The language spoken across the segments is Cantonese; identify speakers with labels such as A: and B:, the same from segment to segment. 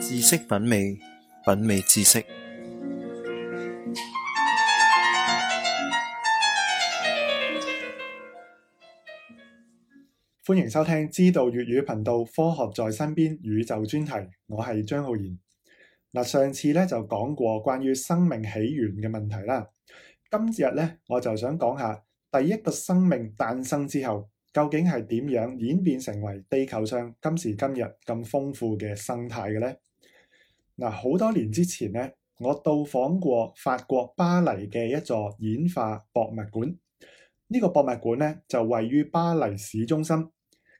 A: 知識品味，品味知識。歡迎收聽知道粵語頻道《科學在身邊》宇宙專題。我係張浩然。嗱，上次咧就講過關於生命起源嘅問題啦。今日咧，我就想講下第一個生命誕生之後。究竟係點樣演變成為地球上今時今日咁豐富嘅生態嘅咧？嗱，好多年之前咧，我到訪過法國巴黎嘅一座演化博物館。呢個博物館咧就位於巴黎市中心，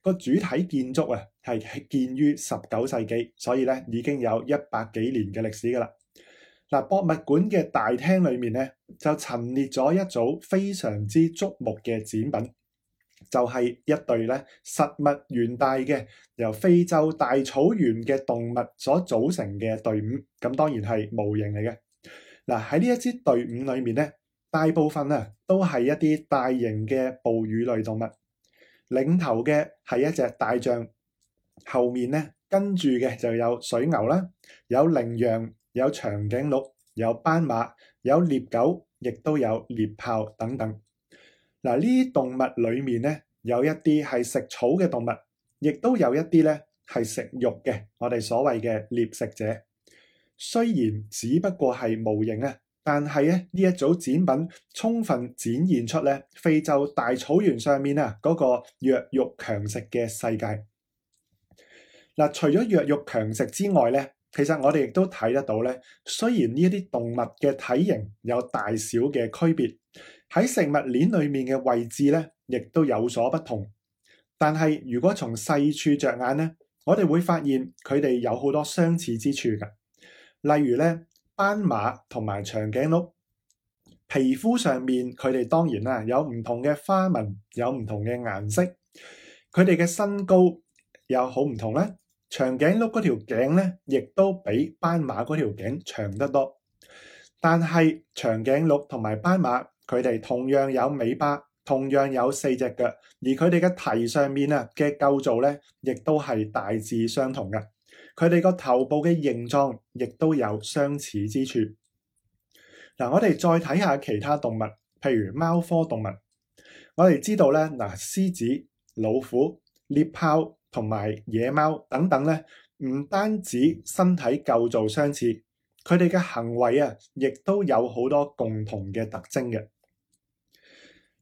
A: 個主體建築啊係建於十九世紀，所以咧已經有一百幾年嘅歷史噶啦。嗱，博物館嘅大廳裏面咧就陳列咗一組非常之矚目嘅展品。就係、是、一隊咧實物原大嘅由非洲大草原嘅動物所組成嘅隊伍，咁當然係模型嚟嘅。嗱，喺呢一支隊伍裏面咧，大部分啊都係一啲大型嘅哺乳類動物，領頭嘅係一隻大象，後面咧跟住嘅就有水牛啦，有羚羊，有長頸鹿，有斑馬，有獵狗，亦都有獵豹等等。嗱，呢啲動物裏面咧，有一啲係食草嘅動物，亦都有一啲咧係食肉嘅。我哋所謂嘅獵食者，雖然只不過係模型啊，但係咧呢一組展品充分展現出咧非洲大草原上面啊嗰個弱肉強食嘅世界。嗱，除咗弱肉強食之外咧，其實我哋亦都睇得到咧，雖然呢一啲動物嘅體型有大小嘅區別，喺食物鏈裏面嘅位置咧，亦都有所不同。但係如果從細處着眼咧，我哋會發現佢哋有好多相似之處嘅。例如咧，斑馬同埋長頸鹿皮膚上面，佢哋當然啦，有唔同嘅花紋，有唔同嘅顏色。佢哋嘅身高又好唔同咧。長頸鹿嗰條頸咧，亦都比斑馬嗰條頸長得多。但係長頸鹿同埋斑馬。佢哋同樣有尾巴，同樣有四隻腳，而佢哋嘅蹄上面啊嘅構造咧，亦都係大致相同嘅。佢哋個頭部嘅形狀亦都有相似之處。嗱、啊，我哋再睇下其他動物，譬如貓科動物。我哋知道咧，嗱，獅子、老虎、獵豹同埋野貓等等咧，唔單止身體構造相似，佢哋嘅行為啊，亦都有好多共同嘅特徵嘅。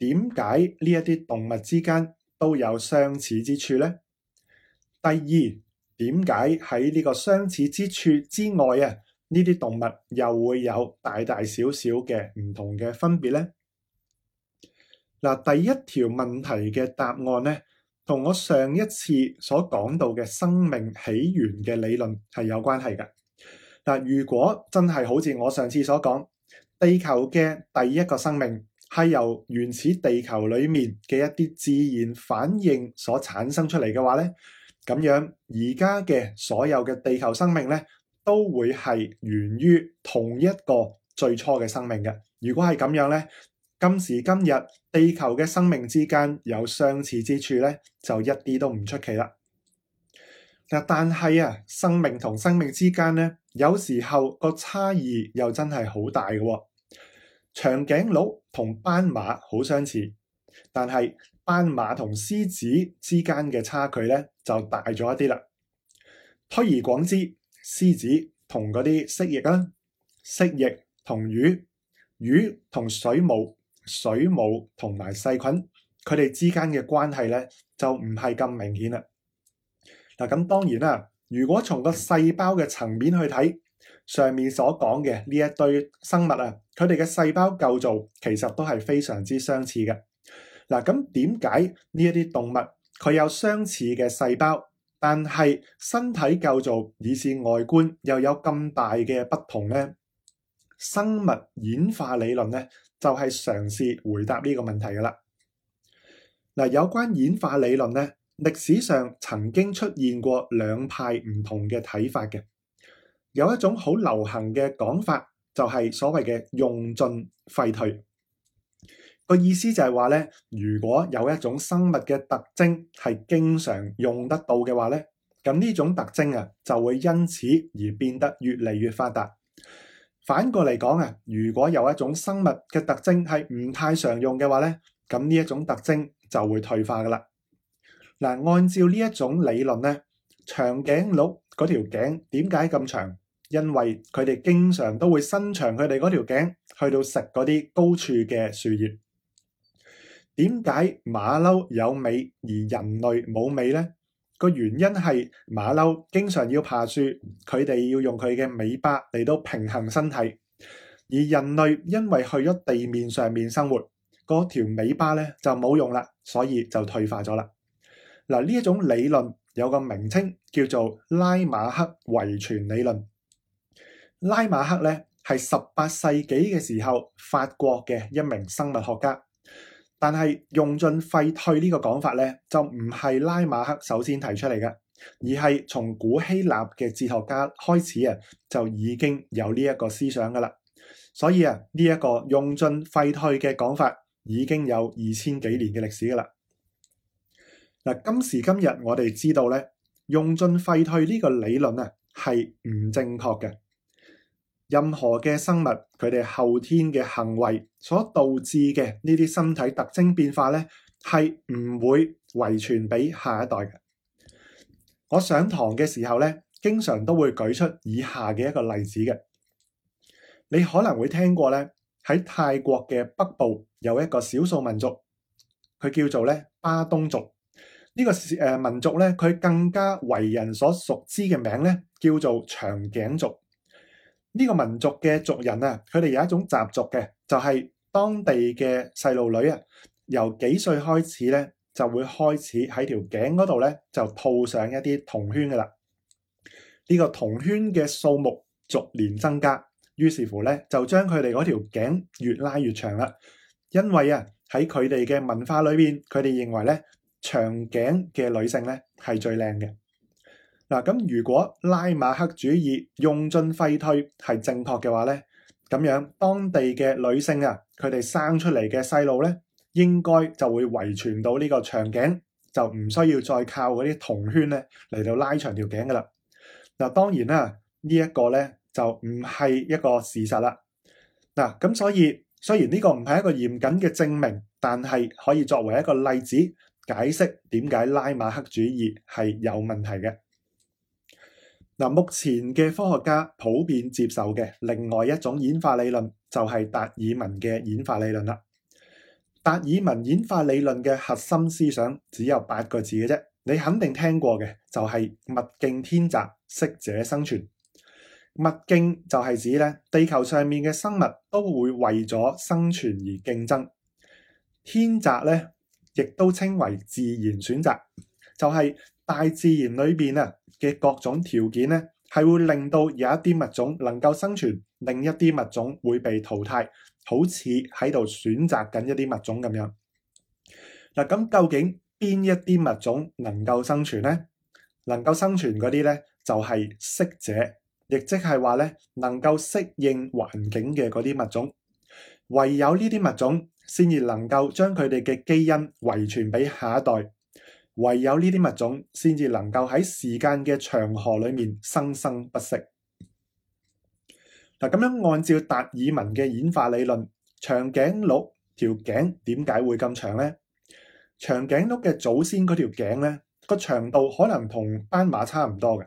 A: 點解呢一啲動物之間都有相似之處呢？第二，點解喺呢個相似之處之外啊，呢啲動物又會有大大小小嘅唔同嘅分別呢？嗱，第一條問題嘅答案呢，同我上一次所講到嘅生命起源嘅理論係有關係嘅。嗱，如果真係好似我上次所講，地球嘅第一個生命。係由原始地球裏面嘅一啲自然反應所產生出嚟嘅話咧，咁樣而家嘅所有嘅地球生命咧，都會係源於同一個最初嘅生命嘅。如果係咁樣咧，今時今日地球嘅生命之間有相似之處咧，就一啲都唔出奇啦。但係啊，生命同生命之間咧，有時候個差異又真係好大嘅。長頸鹿同斑馬好相似，但係斑馬同獅子之間嘅差距咧，就大咗一啲啦。推而廣之，獅子同嗰啲蜥蜴啦，蜥蜴同魚，魚同水母，水母同埋細菌，佢哋之間嘅關係咧，就唔係咁明顯啦。嗱，咁當然啦，如果從個細胞嘅層面去睇。上面所講嘅呢一堆生物啊，佢哋嘅細胞構造其實都係非常之相似嘅。嗱，咁點解呢一啲動物佢有相似嘅細胞，但係身體構造以至外觀又有咁大嘅不同呢？生物演化理論呢就係嘗試回答呢個問題㗎喇。嗱，有關演化理論呢，歷史上曾經出現過兩派唔同嘅睇法嘅。有一種好流行嘅講法，就係所謂嘅用盡廢退。個意思就係話呢，如果有一種生物嘅特徵係經常用得到嘅話呢，咁呢種特徵就會因此而變得越嚟越發達。反過嚟講，如果有一種生物嘅特徵係唔太常用嘅話呢，咁呢一種特徵就會退化㗎啦。嗱，按照呢一種理論呢，長頸鹿嗰條頸點解咁長？因為佢哋經常都會伸長佢哋嗰條頸去到食嗰啲高處嘅樹葉。點解馬騮有尾而人類冇尾呢？個原因係馬騮經常要爬樹，佢哋要用佢嘅尾巴嚟到平衡身體，而人類因為去咗地面上面生活，嗰條尾巴呢就冇用啦，所以就退化咗啦。嗱，呢一種理論有個名稱叫做拉馬克遺傳理論。拉馬克咧，係十八世紀嘅時候，法國嘅一名生物學家。但係用進廢退呢個講法咧，就唔係拉馬克首先提出嚟嘅，而係從古希臘嘅哲學家開始啊就已經有呢一個思想噶啦。所以啊，呢一個用進廢退嘅講法已經有二千幾年嘅歷史噶啦。嗱，今時今日我哋知道咧，用進廢退呢個理論啊係唔正確嘅。任何嘅生物，佢哋後天嘅行為所導致嘅呢啲身體特徵變化呢，係唔會遺傳俾下一代嘅。我上堂嘅時候呢，經常都會舉出以下嘅一個例子嘅。你可能會聽過呢，喺泰國嘅北部有一個少數民族，佢叫做呢，巴東族。呢個誒民族呢，佢更加為人所熟知嘅名呢，叫做長頸族。呢、個民族嘅族人啊，佢哋有一種習俗嘅，就係當地嘅細路女啊，由幾歲開始咧，就會開始喺條頸嗰度咧，就套上一啲銅圈噶啦。呢、個銅圈嘅數目逐年增加，於是乎咧，就將佢哋嗰條頸越拉越長啦。因為啊，喺佢哋嘅文化裏邊，佢哋認為咧，長頸嘅女性咧係最靚嘅。嗱，咁如果拉馬克主義用盡廢退係正確嘅話咧，咁樣當地嘅女性啊，佢哋生出嚟嘅細路咧，應該就會遺傳到呢個長頸,就唔需要再靠嗰啲銅圈咧嚟到拉長條頸㗎啦。嗱，當然啦，呢一個咧就唔係一個事實啦。嗱，咁所以雖然呢個唔係一個嚴謹嘅證明，但係可以作為一個例子解釋點解拉馬克主義係有問題嘅。嗱，目前嘅科學家普遍接受嘅另外一種演化理論就係達爾文嘅演化理論啦。達爾文演化理論嘅核心思想只有八個字嘅啫，你肯定聽過嘅就係物競天擇，適者生存。物競就係指咧地球上面嘅生物都會為咗生存而競爭，天擇咧亦都稱為自然選擇，就係大自然裏邊啊，嘅各種條件咧，係會令到有一啲物種能夠生存，另一啲物種會被淘汰，好似喺度選擇緊一啲物種咁樣。嗱，咁究竟邊一啲物種能夠生存咧？能夠生存嗰啲咧，就係適者，亦即係話咧，能夠適應環境嘅嗰啲物種。唯有呢啲物種先至能夠將佢哋嘅基因遺傳俾下一代。唯有呢啲物種先至能夠喺時間嘅長河裏面生生不息。嗱，咁樣按照達爾文嘅演化理論，長頸鹿條頸點解會咁長呢？長頸鹿嘅祖先嗰條頸呢個長度可能同斑馬差唔多嘅，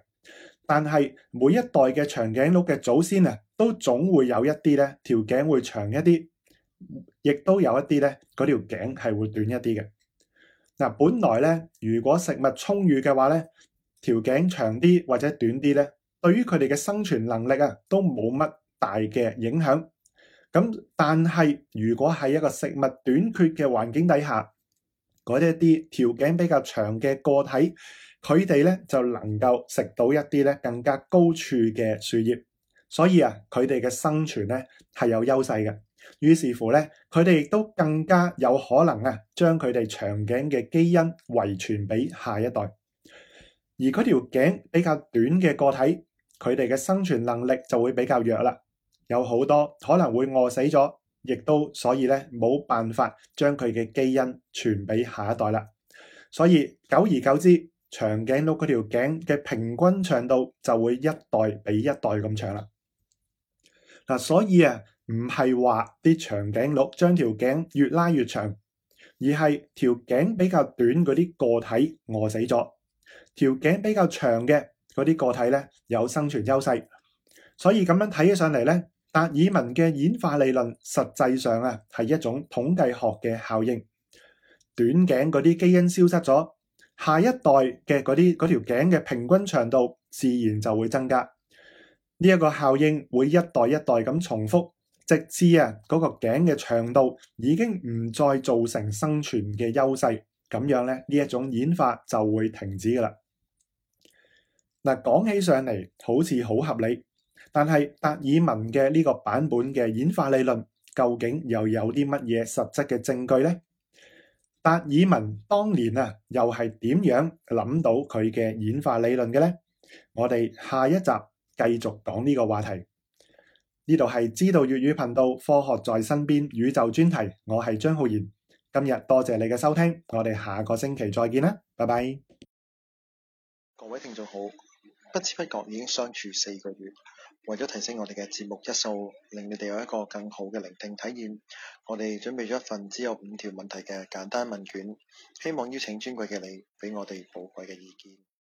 A: 但係每一代嘅長頸鹿嘅祖先啊，都總會有一啲咧條頸會長一啲，亦都有一啲咧嗰條頸係會短一啲嘅。嗱，本來咧，如果食物充裕嘅話咧，條頸長啲或者短啲咧，對於佢哋嘅生存能力啊，都冇乜大嘅影響。咁，但係如果喺一個食物短缺嘅環境底下，嗰一啲條頸比較長嘅個體，佢哋咧就能夠食到一啲咧更加高處嘅樹葉，所以啊，佢哋嘅生存咧係有優勢嘅。於是乎咧，佢哋亦都更加有可能啊，將佢哋長頸嘅基因遺傳俾下一代。而嗰條頸比較短嘅個體，佢哋嘅生存能力就會比較弱啦。有好多可能會餓死咗，亦都所以咧冇辦法將佢嘅基因傳俾下一代啦。所以久而久之，長頸鹿嗰條頸嘅平均長度就會一代比一代咁長啦。嗱，所以啊～唔係話啲長頸鹿將條頸越拉越長，而係條頸比較短嗰啲個體餓死咗，條頸比較長嘅嗰啲個體呢，有生存優勢，所以咁樣睇起上嚟呢，達爾文嘅演化理論實際上啊係一種統計學嘅效應。短頸嗰啲基因消失咗，下一代嘅嗰啲嗰條頸嘅平均長度自然就會增加，呢一個效應會一代一代咁重複。直至啊嗰個頸嘅長度已經唔再造成生存嘅優勢，咁樣咧，呢一種演化就會停止噶啦。嗱，講起上嚟好似好合理，但係達爾文嘅呢個版本嘅演化理論究竟又有啲乜嘢實質嘅證據咧？達爾文當年啊又係點樣諗到佢嘅演化理論嘅咧？我哋下一集繼續講呢個話題。呢度係知道粵語頻道，科學在身邊宇宙專題，我係張浩然。今日多謝你嘅收聽，我哋下個星期再見啦，拜拜。各位聽眾好，不知不覺已經相處四個月，為咗提升我哋嘅節目質素，令你哋有一個更好嘅聆聽體驗，我哋準備咗一份只有五條問題嘅簡單問卷，希望邀請尊貴嘅你俾我哋寶貴嘅意見。